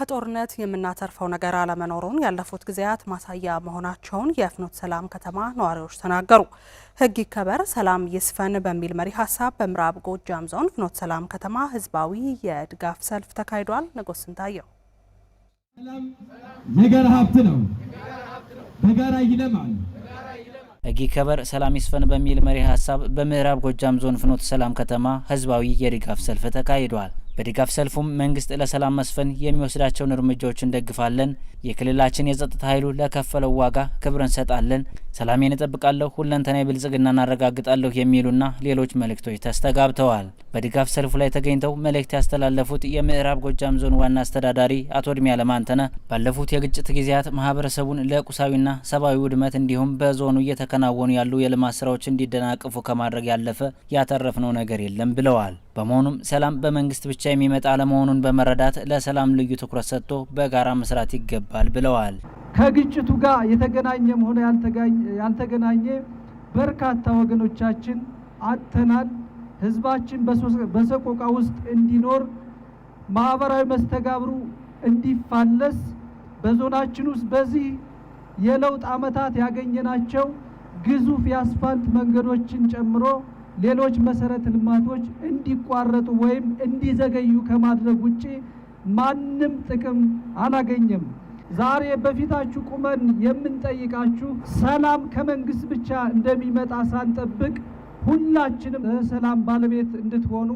ከጦርነት የምናተርፈው ነገር አለመኖሩን ያለፉት ጊዜያት ማሳያ መሆናቸውን የፍኖተ ሰላም ከተማ ነዋሪዎች ተናገሩ። ሕግ ይከበር ሰላም ይስፈን በሚል መሪ ሀሳብ በምዕራብ ጎጃም ዞን ፍኖተ ሰላም ከተማ ህዝባዊ የድጋፍ ሰልፍ ተካሂዷል። ንጉስ ስንታየው ነገር ሀብት ነው፣ በጋራ ይለማል። ህግ ይከበር ሰላም ይስፈን በሚል መሪ ሀሳብ በምዕራብ ጎጃም ዞን ፍኖተ ሰላም ከተማ ህዝባዊ የድጋፍ ሰልፍ ተካሂዷል። በድጋፍ ሰልፉም መንግስት ለሰላም መስፈን የሚወስዳቸውን እርምጃዎች እንደግፋለን። የክልላችን የጸጥታ ኃይሉ ለከፈለው ዋጋ ክብር እንሰጣለን። ሰላሜን እጠብቃለሁ፣ ሁለንተና የብልጽግና እናረጋግጣለሁ የሚሉና ሌሎች መልእክቶች ተስተጋብተዋል። በድጋፍ ሰልፉ ላይ ተገኝተው መልእክት ያስተላለፉት የምዕራብ ጎጃም ዞን ዋና አስተዳዳሪ አቶ እድሜ አለማንተነ ባለፉት የግጭት ጊዜያት ማህበረሰቡን ለቁሳዊና ሰብአዊ ውድመት እንዲሁም በዞኑ እየተከናወኑ ያሉ የልማት ስራዎች እንዲደናቅፉ ከማድረግ ያለፈ ያተረፍነው ነገር የለም ብለዋል። በመሆኑም ሰላም በመንግስት ብቻ የሚመጣ አለመሆኑን በመረዳት ለሰላም ልዩ ትኩረት ሰጥቶ በጋራ መስራት ይገባል ብለዋል። ከግጭቱ ጋር የተገናኘም ሆነ ያልተገናኘ በርካታ ወገኖቻችን አጥተናል። ህዝባችን በሰቆቃ ውስጥ እንዲኖር ማህበራዊ መስተጋብሩ እንዲፋለስ በዞናችን ውስጥ በዚህ የለውጥ ዓመታት ያገኘናቸው ግዙፍ የአስፋልት መንገዶችን ጨምሮ ሌሎች መሰረተ ልማቶች እንዲቋረጡ ወይም እንዲዘገዩ ከማድረግ ውጭ ማንም ጥቅም አላገኘም። ዛሬ በፊታችሁ ቁመን የምንጠይቃችሁ ሰላም ከመንግስት ብቻ እንደሚመጣ ሳንጠብቅ ሁላችንም ሰላም ባለቤት እንድትሆኑ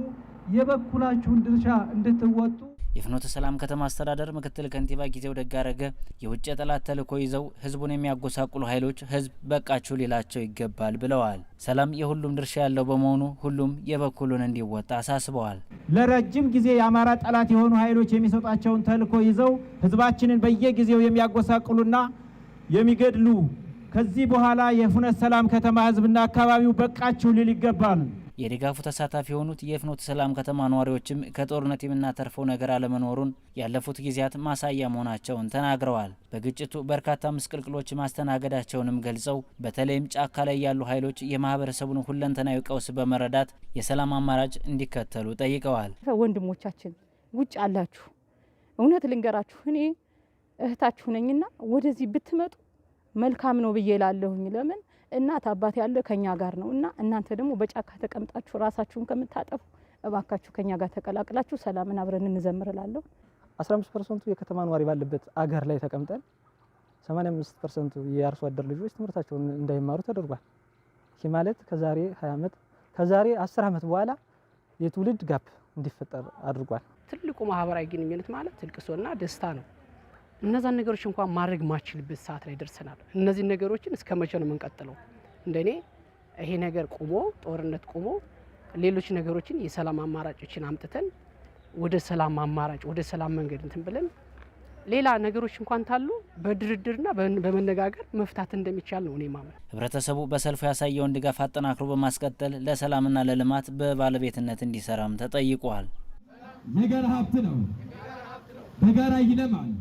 የበኩላችሁን ድርሻ እንድትወጡ የፍኖተ ሰላም ከተማ አስተዳደር ምክትል ከንቲባ ጊዜው ደጋረገ የውጭ ጠላት ተልኮ ይዘው ህዝቡን የሚያጎሳቁሉ ኃይሎች ህዝብ በቃችሁ ሊላቸው ይገባል ብለዋል። ሰላም የሁሉም ድርሻ ያለው በመሆኑ ሁሉም የበኩሉን እንዲወጣ አሳስበዋል። ለረጅም ጊዜ የአማራ ጠላት የሆኑ ኃይሎች የሚሰጧቸውን ተልኮ ይዘው ህዝባችንን በየጊዜው የሚያጎሳቁሉና የሚገድሉ ከዚህ በኋላ የፍኖተ ሰላም ከተማ ህዝብና አካባቢው በቃችሁ ሊል ይገባል። የድጋፉ ተሳታፊ የሆኑት የፍኖተ ሰላም ከተማ ነዋሪዎችም ከጦርነት የምናተርፈው ነገር አለመኖሩን ያለፉት ጊዜያት ማሳያ መሆናቸውን ተናግረዋል። በግጭቱ በርካታ ምስቅልቅሎች ማስተናገዳቸውንም ገልጸው በተለይም ጫካ ላይ ያሉ ኃይሎች የማህበረሰቡን ሁለንተናዊ ቀውስ በመረዳት የሰላም አማራጭ እንዲከተሉ ጠይቀዋል። ወንድሞቻችን ውጭ አላችሁ፣ እውነት ልንገራችሁ እኔ እህታችሁ ነኝና ወደዚህ ብትመጡ መልካም ነው ብዬ ላለሁኝ። ለምን እናት አባት ያለ ከኛ ጋር ነው እና እናንተ ደግሞ በጫካ ተቀምጣችሁ ራሳችሁን ከምታጠፉ እባካችሁ ከኛ ጋር ተቀላቅላችሁ ሰላምን አብረን እንዘምርላለሁ። 15 ፐርሰንቱ የከተማ ነዋሪ ባለበት አገር ላይ ተቀምጠን 85 ፐርሰንቱ የአርሶ አደር ልጆች ትምህርታቸውን እንዳይማሩ ተደርጓል። ይህ ማለት ከዛሬ 20 ዓመት ከዛሬ 10 ዓመት በኋላ የትውልድ ጋፕ እንዲፈጠር አድርጓል። ትልቁ ማህበራዊ ግንኙነት ማለት እልቅሶና ደስታ ነው። እነዛን ነገሮች እንኳን ማድረግ ማችልበት ሰዓት ላይ ደርሰናል። እነዚህ ነገሮችን እስከ መቼ ነው የምንቀጥለው? እንደኔ ይሄ ነገር ቆሞ ጦርነት ቆሞ ሌሎች ነገሮችን የሰላም አማራጮችን አምጥተን ወደ ሰላም አማራጭ ወደ ሰላም መንገድ እንትን ብለን ሌላ ነገሮች እንኳን ታሉ በድርድርና በመነጋገር መፍታት እንደሚቻል ነው እኔ ማመን። ህብረተሰቡ በሰልፉ ያሳየውን ድጋፍ አጠናክሮ በማስቀጠል ለሰላምና ለልማት በባለቤትነት እንዲሰራም ተጠይቋል። ነገር ሀብት ነው፣ በጋራ ይለማል።